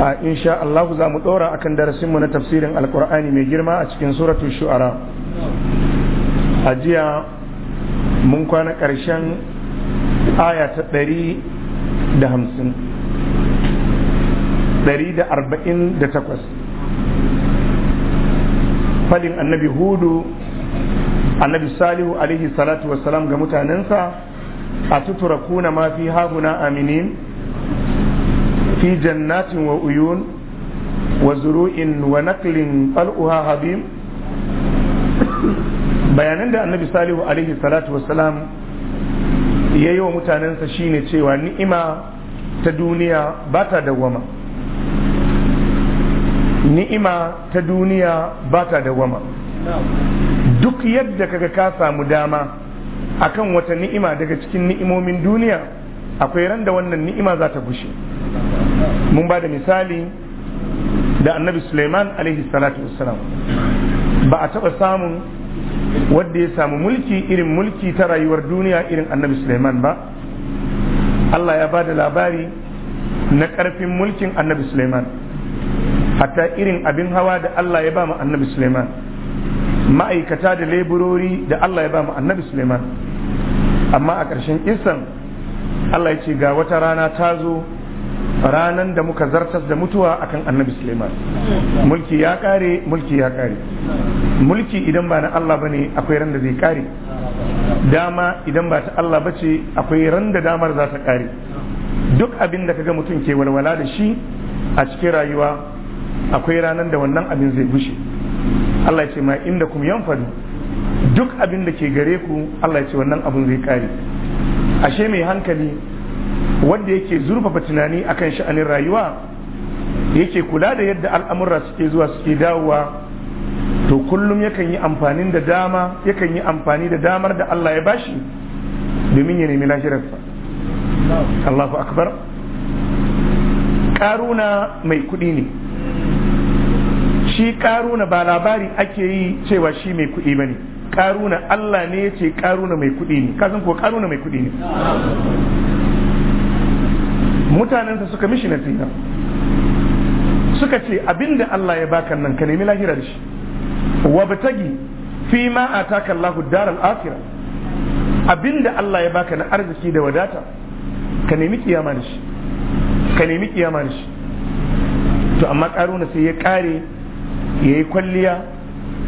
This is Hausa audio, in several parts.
a sha Allah za mu dora akan mu na tafsirin alkur'ani mai girma a cikin suratu shu'ara a jiya mun kwana ƙarshen aya ta ɗari da hamsin ɗari da arba'in da takwas falin annabi hudu annabi salihu alaihi salatu wassalam ga mutanensa a tutura kuna ma fi haguna aminin fi jannatin wa uyun wa zuru'in wa naqlin qal'uha habim bayanan da annabi salihu alaihi salatu wassalam ya yi wa mutanensa shine cewa ni'ima ta duniya ba ta dawwama ni'ima ta duniya ba ta dawwama duk yadda kaga ka samu dama akan wata ni'ima daga cikin ni'imomin duniya akwai ran da wannan ni'ima za ta gushe mun ba da misali da annabi suleiman alaihi salatu wassalam ba a taɓa samun wadda ya samu mulki irin mulki ta rayuwar duniya irin annabi suleiman ba allah ya ba da labari na ƙarfin mulkin annabi suleiman hatta irin abin hawa da allah ya ba mu annabi suleiman ma'aikata da leburori da allah ya ba mu annabi suleiman amma a ƙarshen isan. Allah ya ce ga wata rana ta zo ranan da muka zartas da mutuwa akan annabi Suleiman mulki ya kare mulki ya kare mulki idan ba na Allah bane akwai ran da zai kare dama idan ba ta Allah bace akwai ran da damar za ta kare duk abin da kaga mutum ke walwala da shi a cikin rayuwa akwai ranan da wannan abin zai bushe, Allah ya ce ma inda kum yanfadu duk abin da ke gare ku Allah ya ce wannan abin zai kare ashe mai hankali wanda yake zurfafa tunani akan sha'anin rayuwa yake kula da yadda al'amura suke zuwa suke dawowa to kullum yakan yi amfani da dama yakan yi amfani da damar da Allah ya bashi domin ya nemi lahirarsa Allahu akbar ƙaruna mai kuɗi ne shi ƙaruna ba labari ake yi cewa shi mai kuɗi ba ne karuna Allah ne ya ce karuna mai kuɗi ne kasan kuwa karuna mai kuɗi ne mutanensa suka mishi na nasiha suka ce abinda Allah ya baka nan ka nemi lahira da shi wabtagi fi ma ataka Allahu daral akhirah abinda Allah ya baka na arziki da wadata ka nemi kiyama da shi ka nemi kiyama da shi to amma karuna sai ya kare yi kwalliya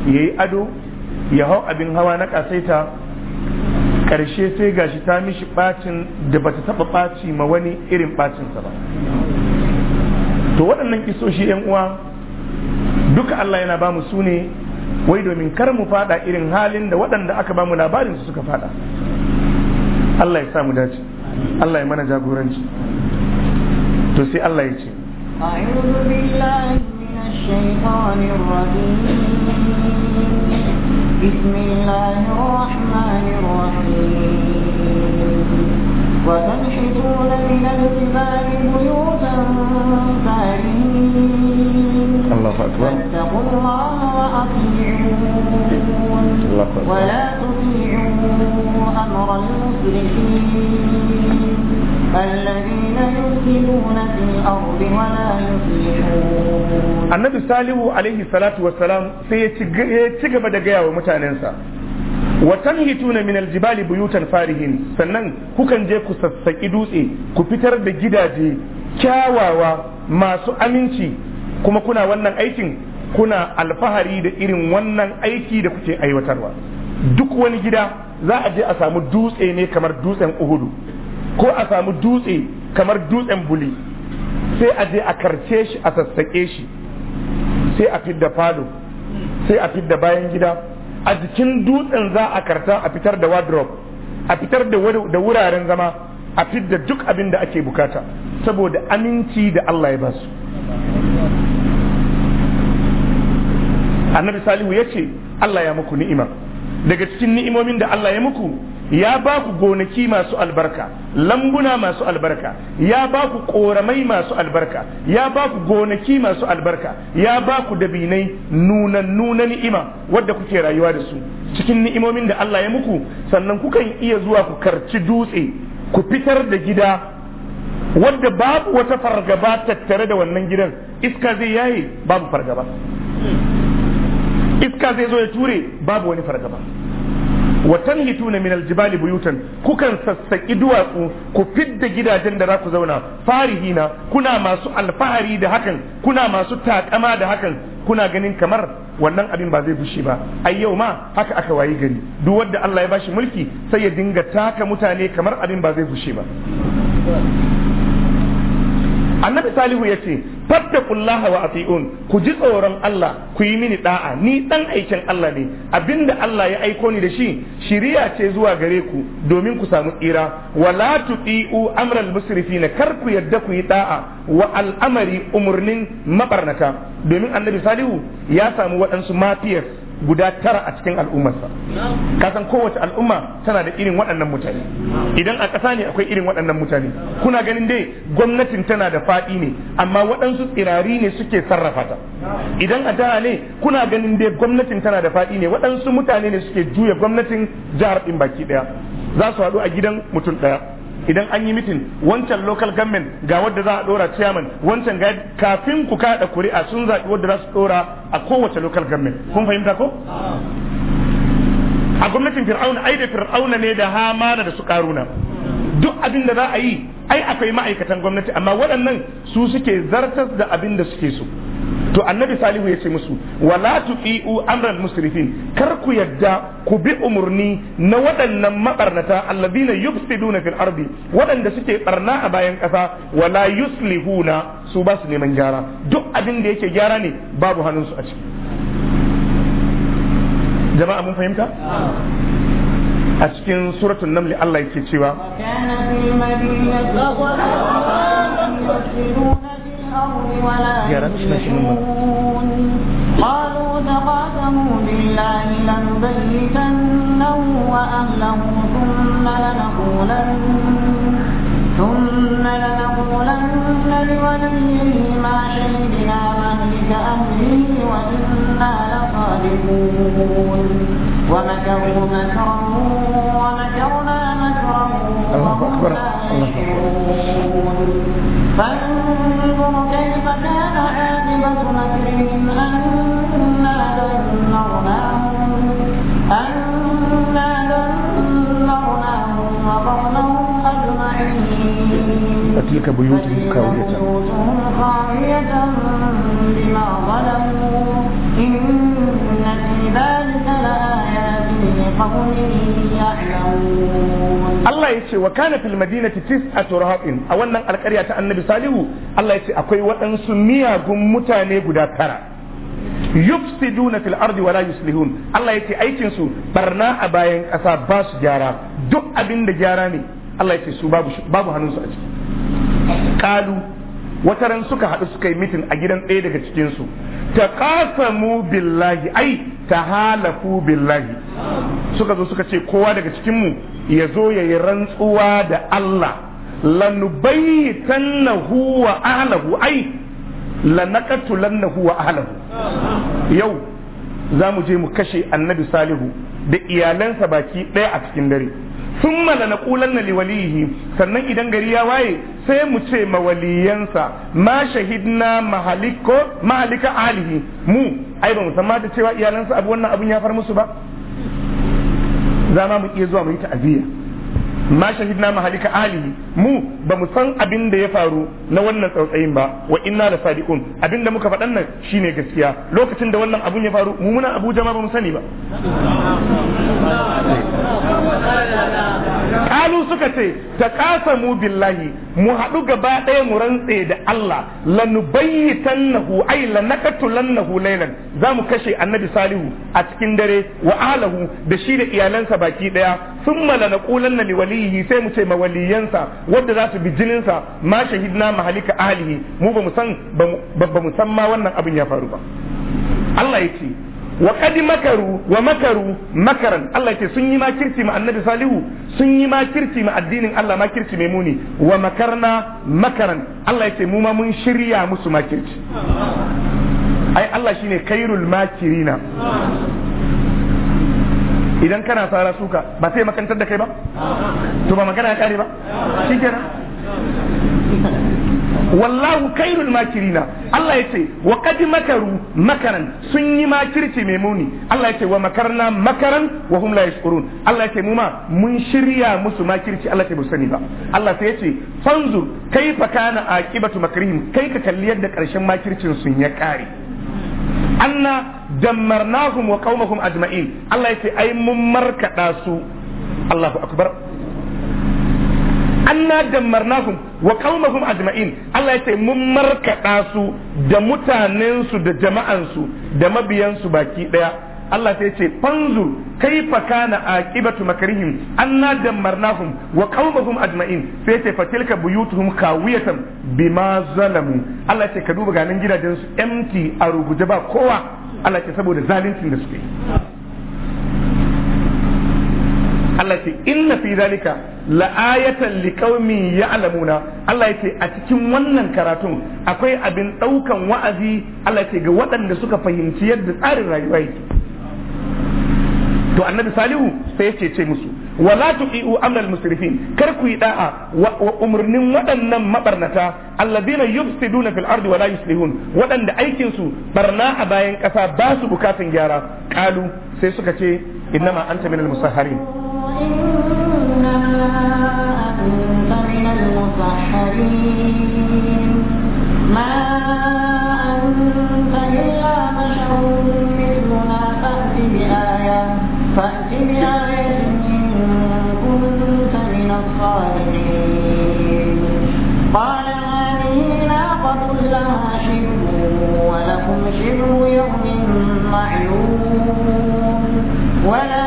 ya yi ado ya hau abin hawa na kasaita karshe sai gashi ta mishi bacin da bata taba ɓaci ma wani irin bacinsa ba to waɗannan kisoshi yan uwa duka Allah yana ba mu su ne wai domin kar mu fada irin halin da waɗanda aka ba mu labarin su suka fada Allah ya sa mu dace Allah ya mana jagoranci to sai Allah ya ce أعوذ بالله من الشيطان الرجيم بسم الله الرحمن الرحيم وتنحتون من الجبال بيوتا فارين الله أكبر فاتقوا الله وأطيعون ولا تطيعوا أمر المسرفين الذين يفسدون في الأرض ولا يصلحون annabi salihu alaihi salatu wassalam sai ya ci gaba da gaya wa mutanensa wa tanhituna min aljibali buyutan farihin sannan kukan je ku sassaki dutse ku fitar da gidaje kyawawa masu aminci kuma kuna wannan aikin kuna alfahari da irin wannan aiki da kuke aiwatarwa duk wani gida za a je a samu dutse ne kamar dutsen uhudu ko a samu dutse kamar dutsen buli sai a je a karce shi a sassaƙe shi sai a fidda falo sai a fidda bayan gida a jikin dutsen za a karta a fitar da wardrobe a fitar da wuraren zama a fidda duk abin da ake bukata saboda aminci da Allah ya basu annabi salihu ya ce Allah ya muku ni'ima daga cikin ni'imomin da Allah ya muku ya ba ku gonaki masu albarka lambuna masu albarka ya ba ku koramai masu albarka ya ba ku gonaki masu albarka ya ba ku dabinai nunan nunan ni'ima wadda kuke rayuwa da su cikin ni'imomin da Allah ya muku sannan kukan iya zuwa ku karci dutse ku fitar da gida wadda babu wata fargaba tattare da wannan gidan iska zai yaye babu fargaba iska zai zo ya ture babu wani fargaba wa tanhituna min aljibali buyutan kukan sassaki duwatsu ku fidda gidajen da za ku zauna farihina kuna masu alfahari da hakan kuna masu taƙama da hakan kuna ganin kamar wannan abin ba zai bushe ba ai yau ma haka aka wayi gari duk wanda Allah ya bashi mulki sai ya dinga taka mutane kamar abin ba zai bushe ba annabi salihu ya ce fattakullaha wa ati'un ku ji tsoron Allah ku yi mini da'a ni dan aikin Allah ne abinda Allah ya aiko ni da shi shiriya ce zuwa gare ku domin ku samu tsira wala tuti'u amral musrifina kar ku yadda ku yi da'a wa al'amari umurnin maɓarnaka domin annabi salihu ya samu waɗansu mafiyar guda tara a cikin al'ummarsa kasan kowace al'umma tana da irin waɗannan mutane idan a ƙasa ne akwai irin waɗannan mutane kuna ganin dai gwamnatin tana da faɗi ne amma waɗansu tsirari ne suke sarrafa ta idan a jiha ne kuna ganin dai gwamnatin tana da faɗi ne waɗansu mutane ne suke juya gwamnatin jihar ɗin baki ɗaya za su haɗu a gidan mutum ɗaya idan an yi mitin wancan local government ga wadda za a dora chairman wancan ga kafin ku kada kuri'a sun zaɓi wadda za su dora a kowace local government kun fahimta ko a gwamnatin fir'auna ai da fir'auna ne da hamana da su karuna duk abin da za a yi ai akwai ma'aikatan gwamnati amma waɗannan su suke zartas da abin da suke so to annabi salihu ya ce musu wala amran amral musrifin kar ku yadda ku bi umurni na waɗannan mabarnata alladina yufsiduna fil ardi waɗanda suke barna a bayan ƙasa wala yuslihuna su ba su neman gyara duk abin da yake gyara ne babu su a ciki jama'a mun fahimta a cikin suratul namli Allah yake cewa الأرض ولا يشركون قالوا تقاسموا بالله لنبيتنه وأهله ثم لنقولن ثم لنقولن لوليه ما شهدنا مهلك أهله وإنا لصادقون ومكروا مكرا ومكرنا مكرا الله أكبر الله أكبر فانظر كيف كان عاقبة مكرهم أنا دمرناهم أنا دمرناهم وقومهم أجمعين فتلك بيوتهم خاوية بما ظلموا ya Allah ce wa kana fil madinati tis'atu في a wannan alƙarya ta Annabi Salihu Allah ya ce akwai waɗansu miyagun mutane guda tara yufsiduna fil ardi wala yuslihun Allah yace aikin su barna a bayan ƙasa ba su gyara duk abin da gyara ne Allah ce su babu babu hannunsu a ciki kalu wataran suka haɗu suka yi mitin a gidan ɗaya daga cikin su taqasamu billahi ai tahalafu billahi suka zo suka ce kowa daga cikinmu ya zo ya yi rantsuwa da Allah na huwa ahlahu ai na huwa ahlahu yau za mu je mu kashe annabi salihu da iyalansa baki ɗaya a cikin dare sun na ƙulan na sannan idan gari ya waye sai mu ce mawaliyansa ma shahidna mahalika alihi mu ai ba musamman da cewa iyalansa abu wannan abun ya far musu ba za ma mu iya zuwa mu yi ta'aziyya ma shahidna mahalika alihi mu ba mu san abin da ya faru na wannan tsautsayin ba wa inna la sadiqun abin da muka faɗan nan shine gaskiya lokacin da wannan abun ya faru mu muna Abuja ma ba mu sani ba kalu suka ce mu billahi mu haɗu gaba ɗaya mu rantse da Allah lanubayyitannahu ay lanaqatulannahu laylan zamu kashe annabi salihu a cikin dare wa ahlahu da shi da iyalansa baki ɗaya thumma lanaqulanna liwali walihi sai mu ce ma waliyansa wanda za su bi jininsa ma shahidna mahalika ahlihi mu ba mu san ba mu san ma wannan abin ya faru ba Allah ya ce wa qad makaru wa makaru makaran Allah ya ce sun yi makirci ma annabi salihu sun yi makirci ma addinin Allah makirci mai muni wa makarna makaran Allah ya ce mu ma mun shirya musu makirci ai Allah shine khairul makirina idan kana sara suka ba sai makantar da kai ba to ba magana kare ba shikenan wallahu khairul makirina Allah yace wa qad makaru makaran sun yi makirci mai muni Allah yace wa makarna makaran wa hum la yashkurun Allah yace mu ma mun shirya musu makirci Allah ta sani ba Allah sai yace fanzur kaifa kana aqibatu makrihim kai ka kalli yadda karshen makircin sun ya kare anna dammarnahum wa qaumahum ajma'in Allah yace ai mun markada su Allahu akbar anna dammarnahum wa qaumahum ajma'in Allah yace mun markada su da mutanen su da jama'an su da mabiyan su baki daya Allah sai ce fanzur fa kana aqibatu makrihim anna dammarnahum wa qaumahum ajma'in sai ce tilka buyutuhum kawiyatan bima zalamu Allah ce ka duba ganin gidajen su empty a ruguje ba kowa Allah ce saboda zaluncin da suke Allah ce inna fi zalika la'ayatan liqaumin ya'lamuna Allah ya ce a cikin wannan karatun akwai abin daukan wa'azi Allah ya ce ga waɗanda suka fahimci yadda tsarin rayuwa yake to annabi salihu sai ya cece musu wala tuqiu amral musrifin kar ku yi da'a wa umurnin waɗannan mabarnata alladhina yufsiduna fil ardi wala yuslihun waɗanda aikin su barna a bayan ƙasa ba su bukatan gyara kalu sai suka ce innama anta minal musahharin ما أنت فأت بآية كنت من الصادقين قال هذه ناقة لها شرب ولكم شرب يوم معلوم ولا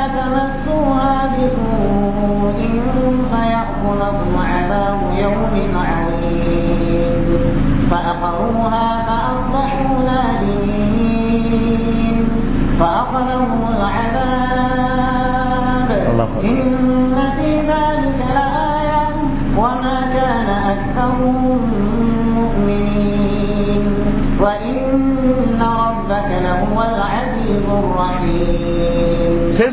إن في ذلك لآية وما كان أكثرهم مؤمنين وإن ربك لهو العزيز الرحيم sai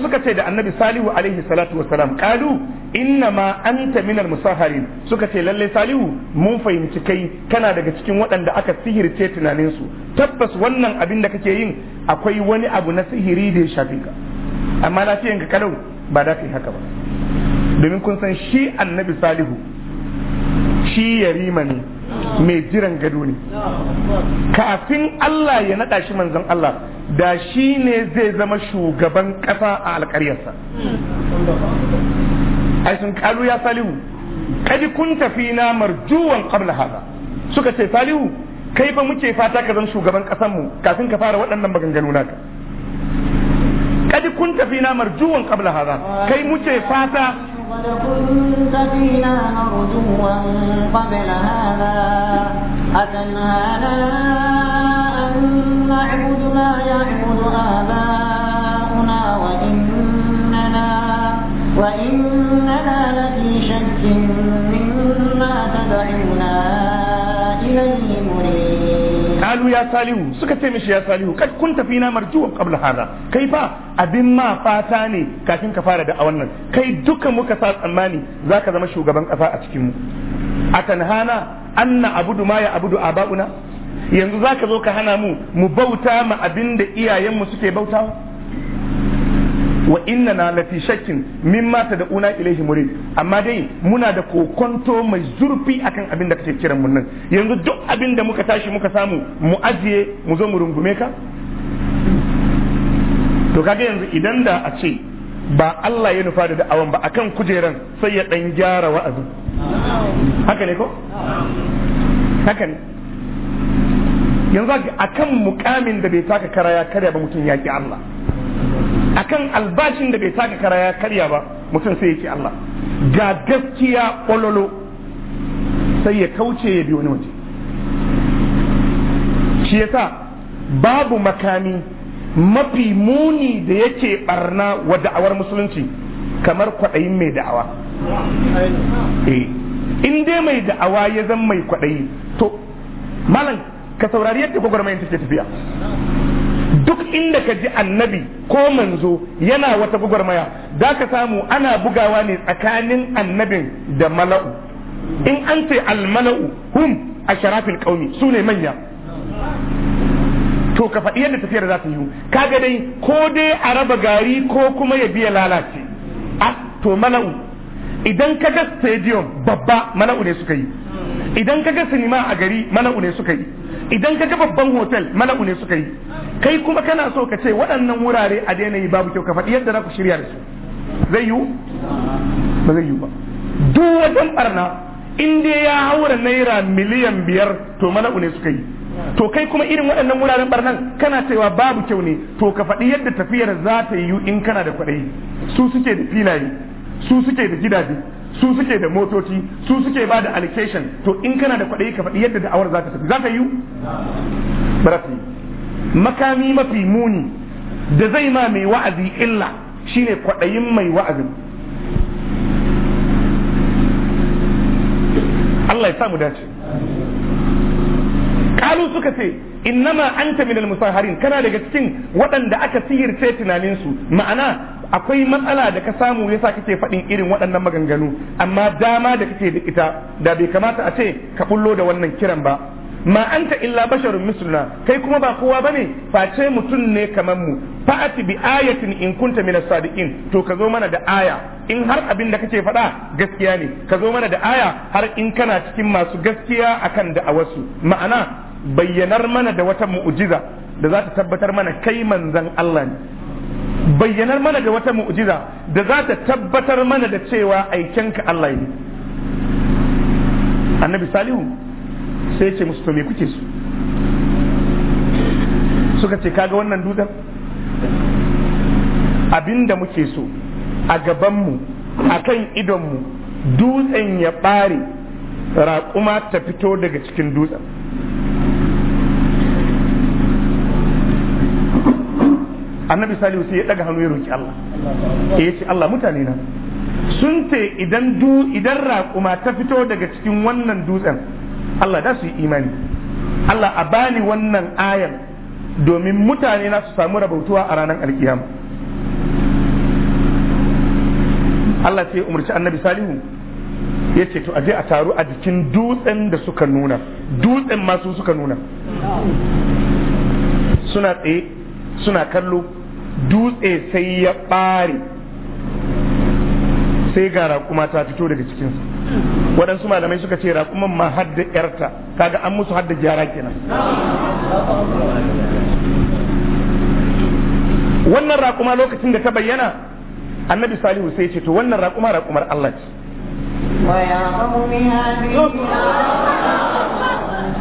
suka ce da annabi salihu alaihi salatu wassalam kalu inna ma anta al musaharin suka ce lalle salihu mun fahimci kai kana daga cikin waɗanda aka sihirce tunanin su tabbas wannan abin da kake yin akwai wani abu na sihiri da ya shafi ka amma lafiyan ka kalau ba da kai haka ba domin kun san shi annabi salihu shi yarima ne mai jiran gado ne kafin Allah ya naɗa shi manzon Allah da shi ne zai zama shugaban ƙasa a alƙaryarsa ai sun kalu ya salihu kadi kun tafi na marjuwan qabla hada suka ce salihu kai fa muke fata ka zama shugaban ƙasar kafin ka fara waɗannan maganganu naka kadi kun tafi na marjuwan qabla hadha kai muke fata كنت فينا مرجوا قبل هذا أتنهانا أن نعبد ما يعبد آباؤنا وإننا وإن qalu ya salihu suka ce mishi ya salihu kad tafi na marjuwan qabla hada, kai fa abin ma fata ne kafin ka fara da wannan kai duka muka sa tsammani zaka zama shugaban kasa a cikin mu hana, anna abudu ma ya abudu abauna yanzu zaka zo ka hana mu mu bauta ma abin da iyayenmu suke bautawa wa inna na lafi shakkin min ta da una ilaihi murid amma dai muna da kokonto mai zurfi akan abin da kake kiran mun nan yanzu duk abin da muka tashi muka samu mu ajiye mu zo mu rungume ka to kaga yanzu idan da a ce ba Allah ya nufa da da'awan ba akan kujeran sai ya dan gyara wa'azi haka ne ko haka ne yanzu akan mukamin da bai taka kara ya karya ba mutum ya ki Allah akan albashin da bai taka kara ya karya ba mutum sai yake Allah ga gaskiya ololo sai ya kauce ya bi wani waje shi yasa babu makami mafi muni da yake barna wa da'awar musulunci kamar kwaɗayin mai da'awa eh, in dai mai da'awa ya zan mai kwaɗayi to malam ka saurari yadda gwagwarmayin take tafiya duk inda ka ji annabi ko manzo yana wata maya da ka samu ana bugawa ne tsakanin annabin da mala'u in an ce almala'u hum a sharafin kauni su ne manya to ka faɗi yadda tafiyar za ta yi ga dai ko dai a raba gari ko kuma ya biya lalace a to mala'u idan ka ga stadium babba mala'u ne suka yi idan ka ga sinima a gari mala'u ne suka yi idan ka ga babban hotel mala'u ne suka yi kai kuma kana so ka ce waɗannan wurare a daina yi babu kyau ka faɗi yadda za ku shirya da su zai yiwu ba zai yiwu ba duk wajen barna inda ya haura naira miliyan biyar to mala'u ne suka yi to kai kuma irin waɗannan wuraren barnan kana cewa babu kyau ne to ka faɗi yadda tafiyar za ta yiwu in kana da kwaɗayi su suke da filaye su suke da gidaje su suke da motoci su suke ba da allocation to in kana da kwaɗayi ka faɗi yadda da'awar za ta tafi za ta yi barafi makami mafi muni da zai ma mai wa'azi illa shine kwaɗayin mai wa'azin Allah ya samu dace kalu suka ce innama anta minal musaharin kana daga cikin waɗanda aka sihirce tunaninsu ma'ana akwai matsala da ka samu ya sa kake faɗin irin waɗannan maganganu amma dama da kake da ita da bai kamata a ce ka bullo da wannan kiran ba ma anta illa basharun misluna kai kuma ba kowa bane face mutum ne kaman mu fa'ati bi ayatin in kunta min sadiqin to ka zo mana da aya in har abin da kake faɗa gaskiya ne ka zo mana da aya har in kana cikin masu gaskiya akan da a wasu ma'ana bayyanar mana da wata mu'jiza da za ta tabbatar mana kai manzon Allah ne bayyanar mana da wata mu'jiza da za ta tabbatar mana da cewa aikenka Allah ne annabi salihu sai ce musu to me kuke su suka ce kaga wannan dutsen abinda muke so a gabanmu a kan mu dutsen ya ɓare raƙuma ta fito daga cikin dutsen annabi salihu sai ya daga hannu ya roki Allah ya ce Allah mutane na sun ce idan du idan raƙuma ta fito daga cikin wannan dutsen Allah da su yi imani Allah a bani wannan ayan domin mutane na su samu rabautuwa a ranar alkiyama Allah sai ya umarci annabi salihu ya ce to aje a taru a jikin dutsen da suka nuna dutsen masu suka nuna suna tsaye suna kallo dutse sai ya ɓare sai ga raƙuma ta fito daga cikinsa waɗansu malamai suka ce raƙuman ma hadda yarta kaga an musu hadda gyara kenan wannan raƙuma lokacin da ta bayyana annabi salihu sai ce to wannan raƙuma raƙumar Allah ce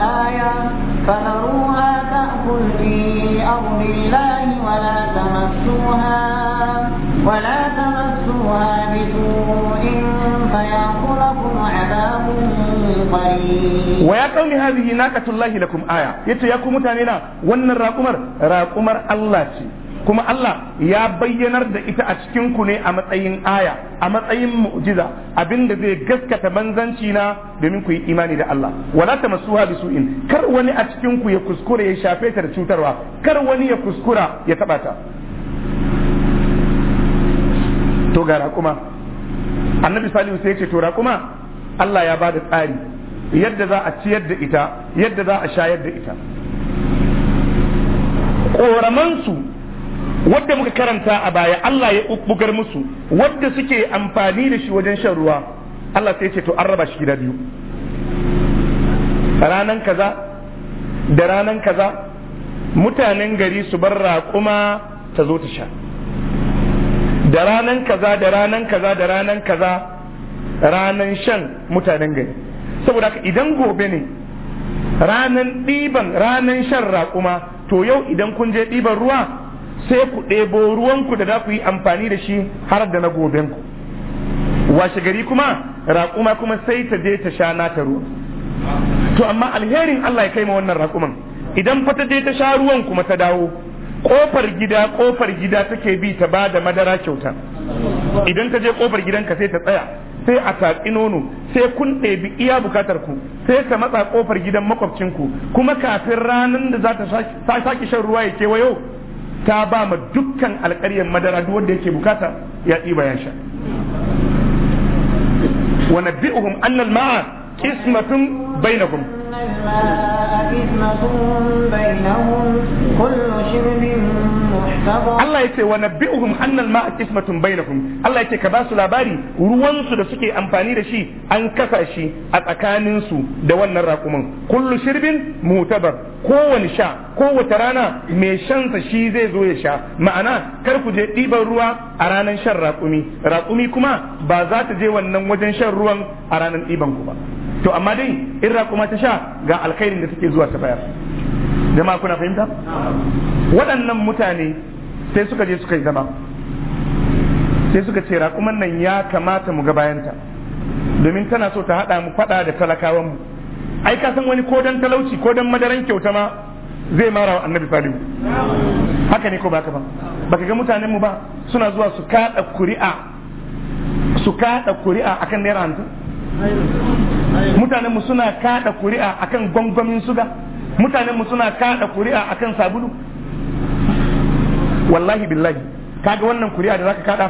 aya فذروها كل أرض الله ولا تمسوها ولا تمسوها بسوء فيأخذكم عذاب قريب ويا قوم هذه ناقة الله لكم آية يتي يا قوم تانينا وان الراقمر راقمر الله kuma Allah ya bayyanar da ita a cikin ku ne a matsayin aya a matsayin mu'jiza abinda zai gaskata manzanci na domin ku yi imani da Allah wala tamassuha bisu'in kar wani a cikin ku ya kuskura ya shafe ta da cutarwa kar wani ya kuskura ya taba ta to ga raƙuma annabi salihu sai ya ce to Allah ya bada tsari yadda za a ciyar da ita yadda za a shayar da ita ƙoramansu wadda muka karanta a baya Allah ya bugar musu wadda suke amfani da shi wajen shan ruwa Allah sai ce to an raba shi gida biyu ranan kaza da ranan kaza mutanen gari su bar raƙuma ta zo ta sha da ranan kaza da ranan kaza da ranan kaza ranan shan mutanen gari saboda haka idan gobe ne ranan ɗiban ranan shan raƙuma to yau idan kun je ɗiban ruwa sai ku ɗebo ruwanku da za ku yi amfani da shi har da na gobenku washe gari kuma raƙuma kuma sai ta je ta sha nata ruwa to amma alherin Allah ya kai ma wannan raƙuman idan fa ta je ta sha ruwan kuma ta dawo kofar gida kofar gida take bi ta ba da madara kyauta idan ta je kofar gidanka sai ta tsaya sai a tatsi nono sai kun ɗebi iya bukatar ku sai ta matsa kofar gidan makwabcinku kuma kafin ranar da za ta sake shan ruwa ya kewayo ta ba ma dukkan alkaryar madara duk wanda yake bukata ya ɗiba ya sha wa nabbi'uhum annal ma'a qismatun bainahum قسمة بينهم Allah ya ce wa nabbi'uhum annal ma'a qismatun bainahum Allah ya ce ka ba su labari ruwan su da suke amfani da shi an kasa shi a tsakanin su da wannan rakuman kullu shirbin mutabar kowane sha kowace rana mai shansa shi zai zo ya sha ma'ana kar ku je ɗiban ruwa a ranar shan raƙumi raƙumi kuma ba za ta je wannan wajen shan ruwan a ranar ɗiban ku ba to amma dai in raƙuma ta sha ga alkhairin da take zuwa ta bayar jama'a kuna fahimta waɗannan mutane sai suka je suka yi gaba sai suka ce raƙuman nan ya kamata mu ga bayanta domin tana so ta haɗa mu faɗa da talakawan mu ai ka san wani kodan talauci ko dan madaran kyauta ma zai mara wa annabi salihu haka ne ko baka ba baka ga mutanen mu ba suna zuwa su kaɗa kuri'a su kaɗa kuri'a akan naira hamsin mutanen mu suna kaɗa kuri'a akan gwangwamin suga mutanen mu suna kaɗa kuri'a akan sabulu wallahi billahi kaga wannan kuri'a da zaka kada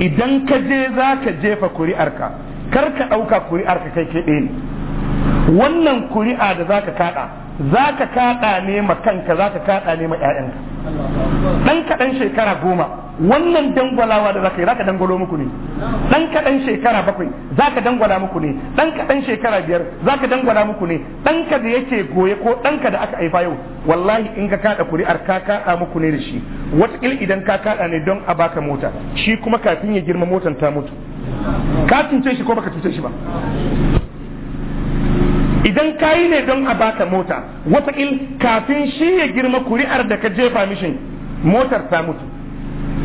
idan ka je zaka jefa kuri'arka kar ka dauka kuri'arka kai ke ɗaya ne wannan kuri'a da zaka kada zaka kada ne ma kanka zaka kada ne ma 'ya'yanka dan kadan shekara goma wannan dangwalawa da zaka yi ka dangwalo muku ne dan kaɗan shekara bakwai zaka dangwala muku ne dan kaɗan shekara biyar zaka dangwala muku ne ka da yake goye ko ka da aka haifa yau wallahi in ka kaɗa kuri'ar ka kada muku ne da shi watakil idan ka kada ne don a baka mota shi kuma kafin ya girma motan ta mutu ka cuce shi ko baka cuce shi ba idan kayi ne don a baka mota wataƙil kafin shi ya girma kuri'ar da ka jefa mishin motar ta mutu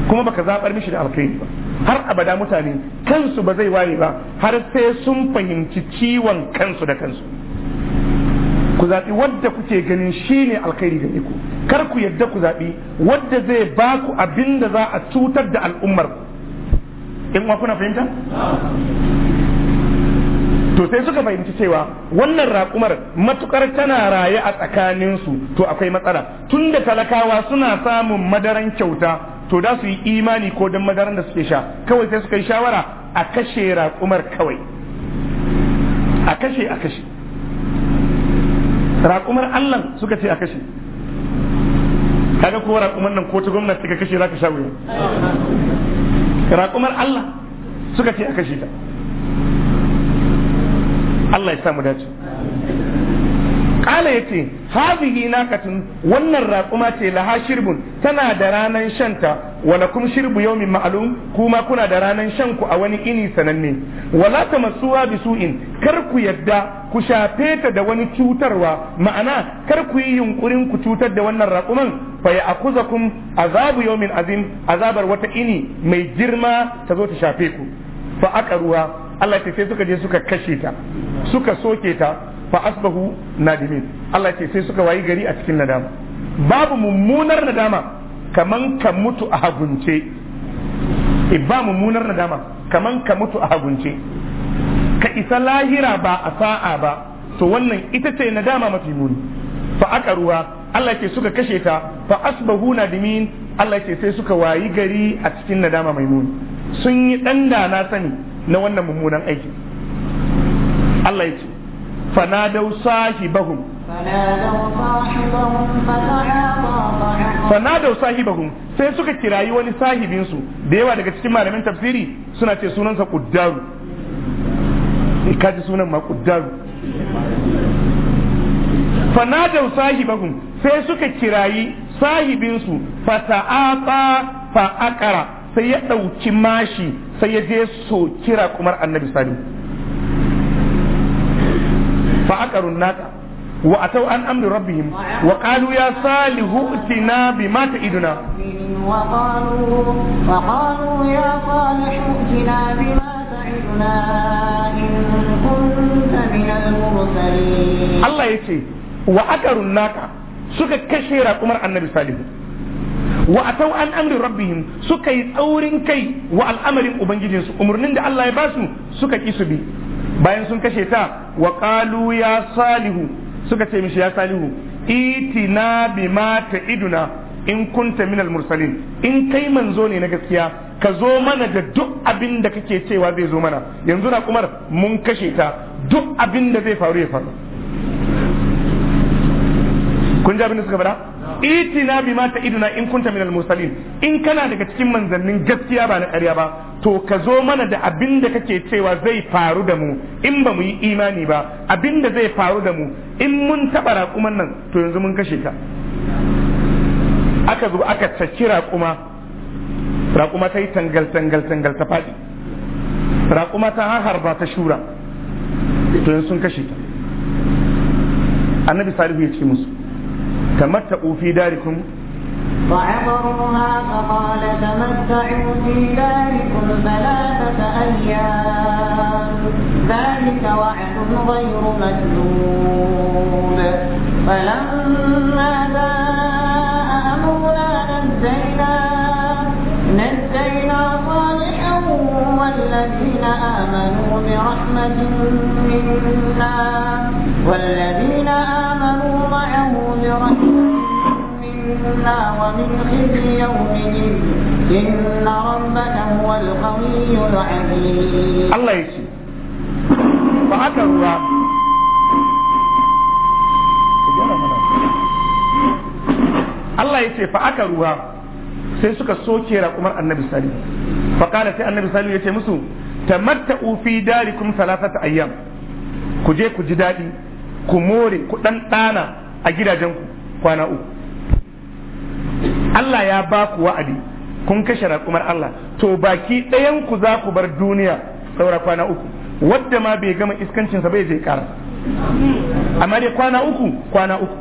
kuma baka zaɓar mishi da alkhairi ba har abada mutane kansu ba zai waye ba har sai sun fahimci ciwon kansu da kansu ku zaɓi wadda kuke ganin shi ne alkhairi da ku kar ku yadda ku zaɓi wadda zai ba ku abin da za a cutar da al'ummar ku in kuna fahimta to sai suka fahimci cewa wannan raƙumar matukar tana raye a tsakaninsu to akwai matsala tunda talakawa suna samun madaran kyauta to da su yi imani ko don madaran da suke sha kawai sai suka yi shawara a kashe raƙumar kawai a kashe a kashe raƙumar allah suka ce a kashe kaga ko raƙumar nan ko ta gwamnati ka kashe za ka sha wuya raƙumar allah suka ce a kashe ta Allah ya samu dace kala ya ce hazihi nakatun wannan raƙuma ce laha shirbun tana da ranan shanta wala kum shirbu yawmin ma'lum kuma kuna da ranan shanku a wani ini sananne wala tamassuha bisu'in kar ku yadda ku shafe ta da wani cutarwa ma'ana kar ku yi yunkurin ku cutar da wannan raƙuman fa ya akuzakum azabu yawmin azim azabar wata ini mai girma ta zo ta shafe ku fa aka ruwa Allah ce sai suka je suka kashe ta suka soke ta fa asbahu nadimin Allah ce sai suka wayi gari a cikin nadama babu mummunar nadama kaman ka mutu a hagunce e ba mummunar nadama kaman ka mutu a hagunce ka isa lahira ba a sa'a ba to wannan ita ce nadama mafi muni fa aka ruwa Allah ce suka kashe ta fa asbahu nadimin Allah ce sai suka wayi gari a cikin nadama mai muni sun yi ɗan da na sani na wannan mummunan aiki Allah ya ce fanadau sahibahum fanadau sahibahum sai suka kirayi wani sahibinsu da yawa daga cikin malamin tafsiri suna ce sunansa kuddaru kaji sunan ma kuddaru fanadau sahibahum sai suka kirayi sahibinsu fata'ata fa'akara sai ya ɗauki mashi sai ya je kira kumar annabi salihu fa aqarun naka, wa atau an amri rabbihim wa qalu ya salihu tina bima ta'iduna wa qalu wa qalu ya salihu tina bima ta'iduna in kunta min al-mursalin Allah yace wa aqarun naka suka kashe raƙumar annabi salihu wa atau an amri rabbihim suka yi tsaurin kai wa al'amarin su umarnin da Allah ya basu suka ki su bi bayan sun kashe ta wa qalu ya salihu suka ce mishi ya salihu itina bima ta'iduna in kunta minal mursalin in kai manzo ne na gaskiya ka zo mana da duk abin da kake cewa zai zo mana yanzu na kumar mun kashe ta duk abin da zai faru ya faru kun ji abin da suka faɗa. itina bima ta iduna in kunta minal mursalin in kana daga cikin manzannin gaskiya ba na ƙarya ba to ka zo mana da abin da kake cewa zai faru da mu in ba mu yi imani ba abin da zai faru da mu in mun taɓa raƙuman nan to yanzu mun kashe ta aka zo aka caki raƙuma raƙuma ta yi tangal tangal tangal ta faɗi raƙuma ta harba ta shura to yanzu sun kashe ta annabi salihu ya ce musu تمتعوا في داركم فعبرها فقال تمتعوا في داركم ثلاثة أيام ذلك وعد غير مكذوب فلما جاء أمرنا نجينا نجينا صالحا والذين آمنوا برحمة منا والذين آمنوا الحسنى ومن خزي يومهم إن ربك هو القوي العزيز الله يسير فأتى الله Allah ya ce fa aka ruwa sai suka soke raƙumar annabi sali fa sai annabi sali ya ce musu ufi fi darikum salasata ayyam ku je ku ji daɗi ku more ku ɗan ɗana a gidajenku kwana uku Allah ya ba ku wa'adi kun kashe raƙumar Allah to baki ɗayan ku za ku bar duniya saura kwana uku wadda ma bai gama iskancinsa bai je ƙara amma dai kwana uku kwana uku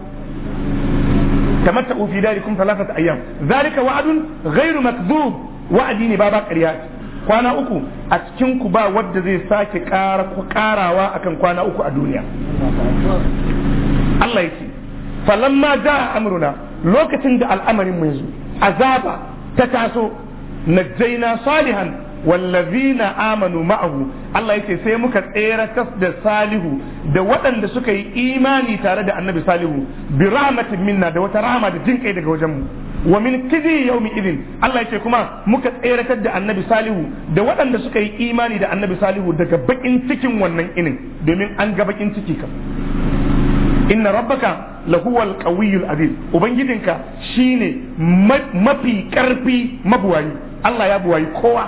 tamatta'u fi darikum thalathata ayyam zalika wa'adun ghairu makdub wa'adi ne ba ba ƙarya kwana uku a cikin ku ba wadda zai sake karawa akan kwana uku a duniya Allah ya ce falamma da amruna lokacin da al'amarin mu zo azaba ta taso najjaina salihan wallazina amanu ma'ahu Allah yake sai muka tseratas da salihu da waɗanda suka yi imani tare da annabi salihu bi rahmatin minna da wata rahama da jin kai daga wajenmu wa min kidi yaumi idin Allah yake kuma muka tseratar da annabi salihu da waɗanda suka yi imani da annabi salihu daga bakin cikin wannan inin domin an ga bakin ciki kam inna rabbaka lahuwal qawiyyul azim ubangijinka shine mafi karfi mabuwayi Allah ya buwayi kowa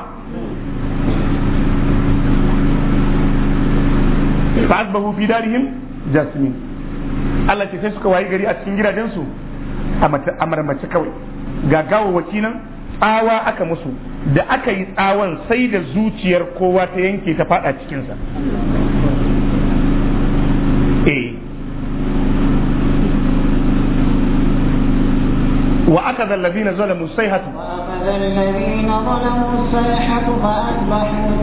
fa asbahu fi darihim jasmin Allah ce sai suka wayi gari a cikin gidajensu a mace kawai ga gawo nan tsawa aka musu da aka yi tsawon sai da zuciyar kowa ta yanke ta fada cikinsa فأخذ الذين ظلموا الصيحة فأخذ الذين ظلموا الصيحة فأصبحوا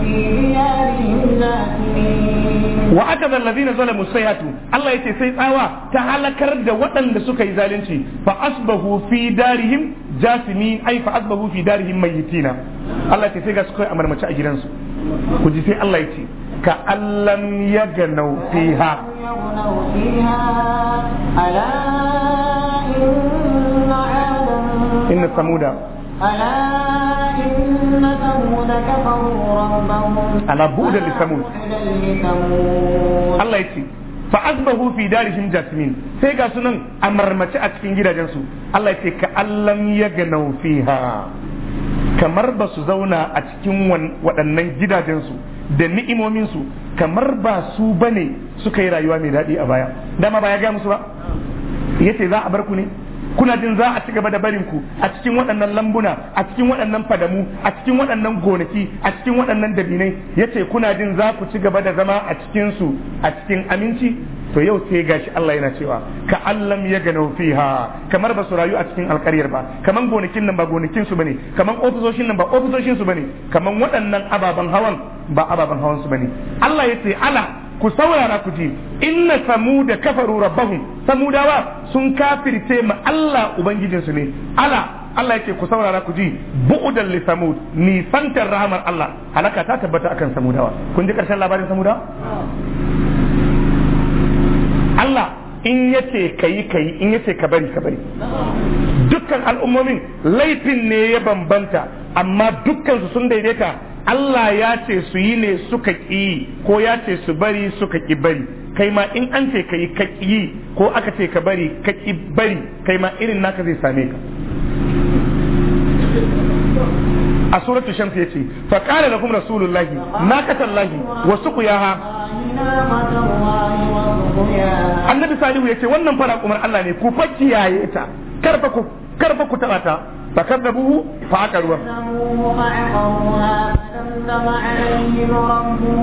في ديارهم جاثمين وأخذ الذين ظلموا الصيحة الله يتسيس آوا تعالى كرد وطن لسكي زالنشي فأصبحوا في دارهم جاثمين أي فأصبحوا في دارهم ميتين الله يتسيس آوا أمر مشاء جيرانسو كجيسي الله يتسيس كأن لم يجنوا فيها ألا إن إن ثمود ألا إن ثمود كفروا ربهم ألا بؤدا لثمود الله يتي فأصبحوا في دارهم جاثمين سيقا سنن أمر ما أتفين جدا جنسو الله يتي كألم يغنوا فيها kamar ba su zauna a cikin waɗannan gidajensu da ni'imominsu kamar ba su bane suka yi rayuwa mai daɗi a baya dama ba ya gaya musu ba yace za a barku ku ne kuna jin za a ci gaba da barin ku a cikin waɗannan lambuna a cikin waɗannan fadamu a cikin waɗannan gonaki a cikin waɗannan dabinai ya ce kuna jin za ku ci gaba da zama a cikin a cikin aminci to yau sai gashi Allah yana cewa ka allam ya gano fiha kamar ba su rayu a cikin alƙaryar ba kamar gonakin nan ba gonakin su bane kamar ofisoshin nan ba ofisoshin su bane kamar waɗannan ababen hawan ba ababen hawan su bane Allah ya ce ala ku saurara ku ji inna samuda kafaru rabbahum samudawa sun kafirce ma Allah ubangijinsu ne ala Allah yake ku saurara ku ji bu'udan li samud nisantar rahmar Allah halaka ta tabbata akan samudawa kun ji karshen labarin samudawa Allah in yace kayi kayi in yace ka bari ka bari dukkan al'ummomin laifin ne ya bambanta amma dukkan su sun daidaita Allah ya ce su yi ne suka ƙi ko ya ce su bari suka ƙi bari kai ma in an ce ka yi ka ƙi ko aka ce ka bari ka ƙi bari kai ma irin naka zai same ka a suratul shams yace fa qala lakum rasulullah nakatallahi wa suqiyaha annabi salihu yace wannan fara kumar Allah ne ku fakkiyaye ta karfa ku karfa ku taba ta فكذبوه فعقروها فدمدم عليهم ربهم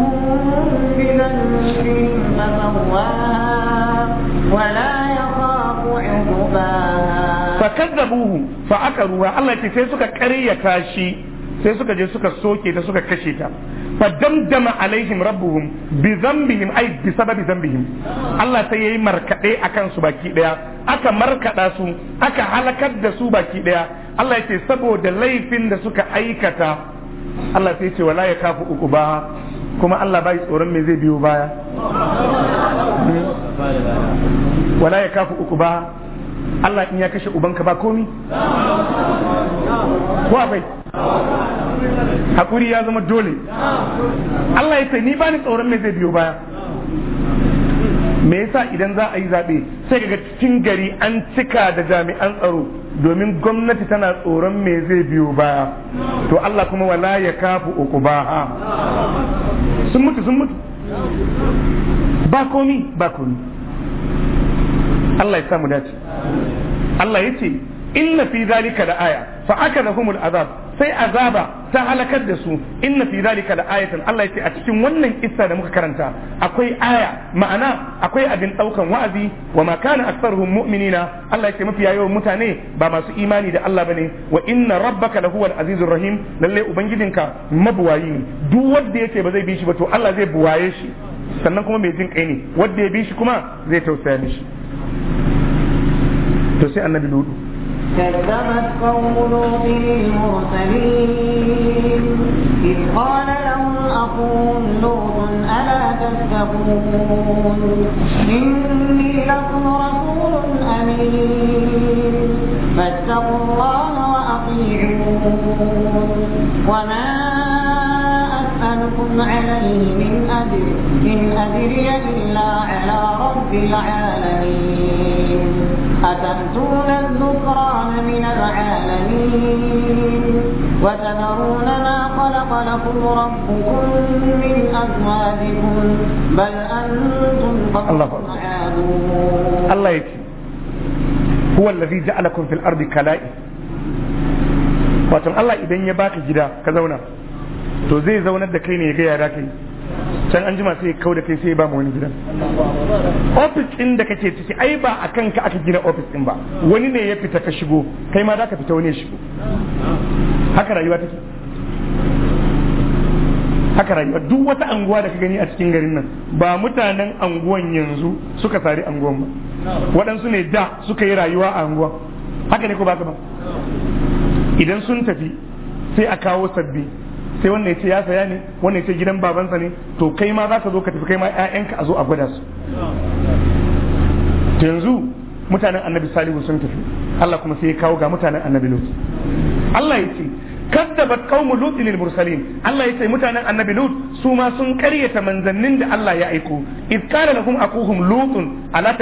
بذنبهم فسواها ولا يخاف عقباها فكذبوه فعقروها الله يتي سي suka ƙaryata sai suka je suka soke da suka kashe ta faddamdama alaihim rabbuhum bi zambihim ai bi sababi zambihim Allah sai yayi markade akan su baki ɗaya. aka markaɗa su aka halakar da su baki ɗaya. Allah yake saboda laifin da suka aikata Allah sai ce wala ya kafu uku ba kuma Allah bai tsoron me zai biyo baya hmm? wala ya kafu uku ba Allah in ya kashe ubanka ba komi ko bai hakuri ya zama dole Allah ya ce ni bani tsoron me zai biyo baya me yasa idan za a yi zaɓe sai ga cikin gari an cika da jami'an tsaro domin gwamnati tana tsoron me zai biyo baya to Allah kuma wala ya kafu uku ba sun mutu sun mutu ba komi ba komi Allah ya samu dace Allah ya ce inna fi zalika da aya fa aka da humul azab sai azaba ta halakar da su inna fi zalika da ayatan Allah ce a cikin wannan kissa da muka karanta akwai aya ma'ana akwai abin daukan wa'azi wa ma kana aktsaruhum mu'minina Allah yace mafi yawan mutane ba masu imani da Allah bane wa inna rabbaka lahuwal azizur rahim lalle ubangijinka mabuwayi duk wanda ce ba zai bi shi ba to Allah zai buwaye shi sannan kuma mai jin kai ne wanda ya bi shi kuma zai tausaya mishi to sai annabi lutu كذبت قوم لوط المرسلين إذ قال لهم أخوهم لوط ألا تتقون إني لكم رسول أمين فاتقوا الله وأطيعون وما أسألكم عليه من أجر إن أجري إلا على رب العالمين أتأتون الذكران من العالمين وتذرون ما خلق لكم ربكم من أزواجكم بل أنتم قوم عادون الله يكفي هو الذي جعلكم في الأرض كلائم watan Allah idan ya baka gida ka zauna to zai zaunar da kai ne ya gaya da kai can an jima sai kawo da kai sai ba mu wani gidan ofis din da kake ciki ai ba a kanka aka gina ofis din ba wani ne ya fita ka shigo kai ma za ka fita wani ya shigo haka rayuwa take haka rayuwa duk wata anguwa da ka gani a cikin garin nan ba mutanen anguwan yanzu suka sari anguwan ba waɗansu ne da suka yi rayuwa a anguwan haka ne ko ba ka ba idan sun tafi sai a kawo sabbi sai wannan ce ya saya ne wannan ce gidan babansa ne to kai ma za ka zo ka tafi kai ma ƴaƴanka a zo a gwada su yanzu mutanen annabi salihu sun tafi Allah kuma sai ya kawo ga mutanen annabi lut Allah yace. kaddabat qaumu lut ne mursalin Allah ya yace mutanen annabi lut su sun karyata manzannin da Allah ya aiko id qala lahum akuhum lutun ala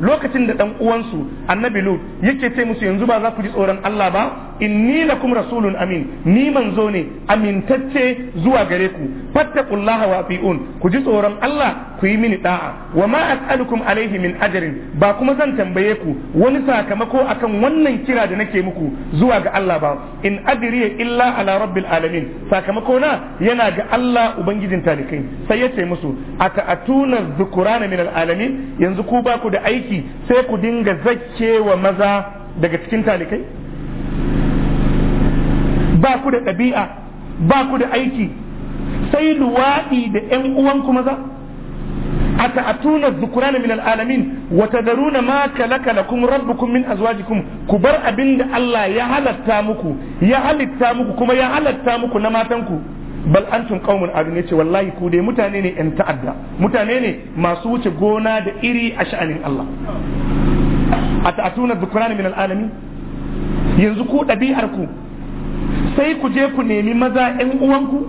lokacin da dan uwansu annabi lut yake ce musu yanzu ba za ku ji tsoron Allah ba inni lakum rasulun amin ni manzo ne amintacce zuwa gare ku fattaqullaha wa atiun ku ji tsoron Allah ku yi mini da'a wa ma as'alukum alaihi min ajrin ba kuma zan tambaye ku wani sakamako akan wannan kira da nake muku zuwa ga Allah ba in adri illa ala rabbil alamin sakamako na yana ga Allah ubangijin talikai sai yace musu ata'atuna dhukurana min alamin yanzu ku ba ku da aiki sai ku dinga zakkewa maza daga cikin talikai ba ku da ɗabi'a ba ku da aiki sai luwaɗi da ƴan uwanku maza أتأتون الذكران من العالمين وتذرون ما كلك لكم ربكم من أزواجكم كبر أبند الله يهل التامكو يهل التامكو كما يهل التامكو نما تنكو bal antum qaumun adun yace wallahi ku mutane ne yan ta'adda mutane ne masu wuce gona da iri a sha'anin Allah ata'atuna dhukrani min alalamin yanzu ku ɗabi'ar ku sai ku je ku nemi maza yan uwanku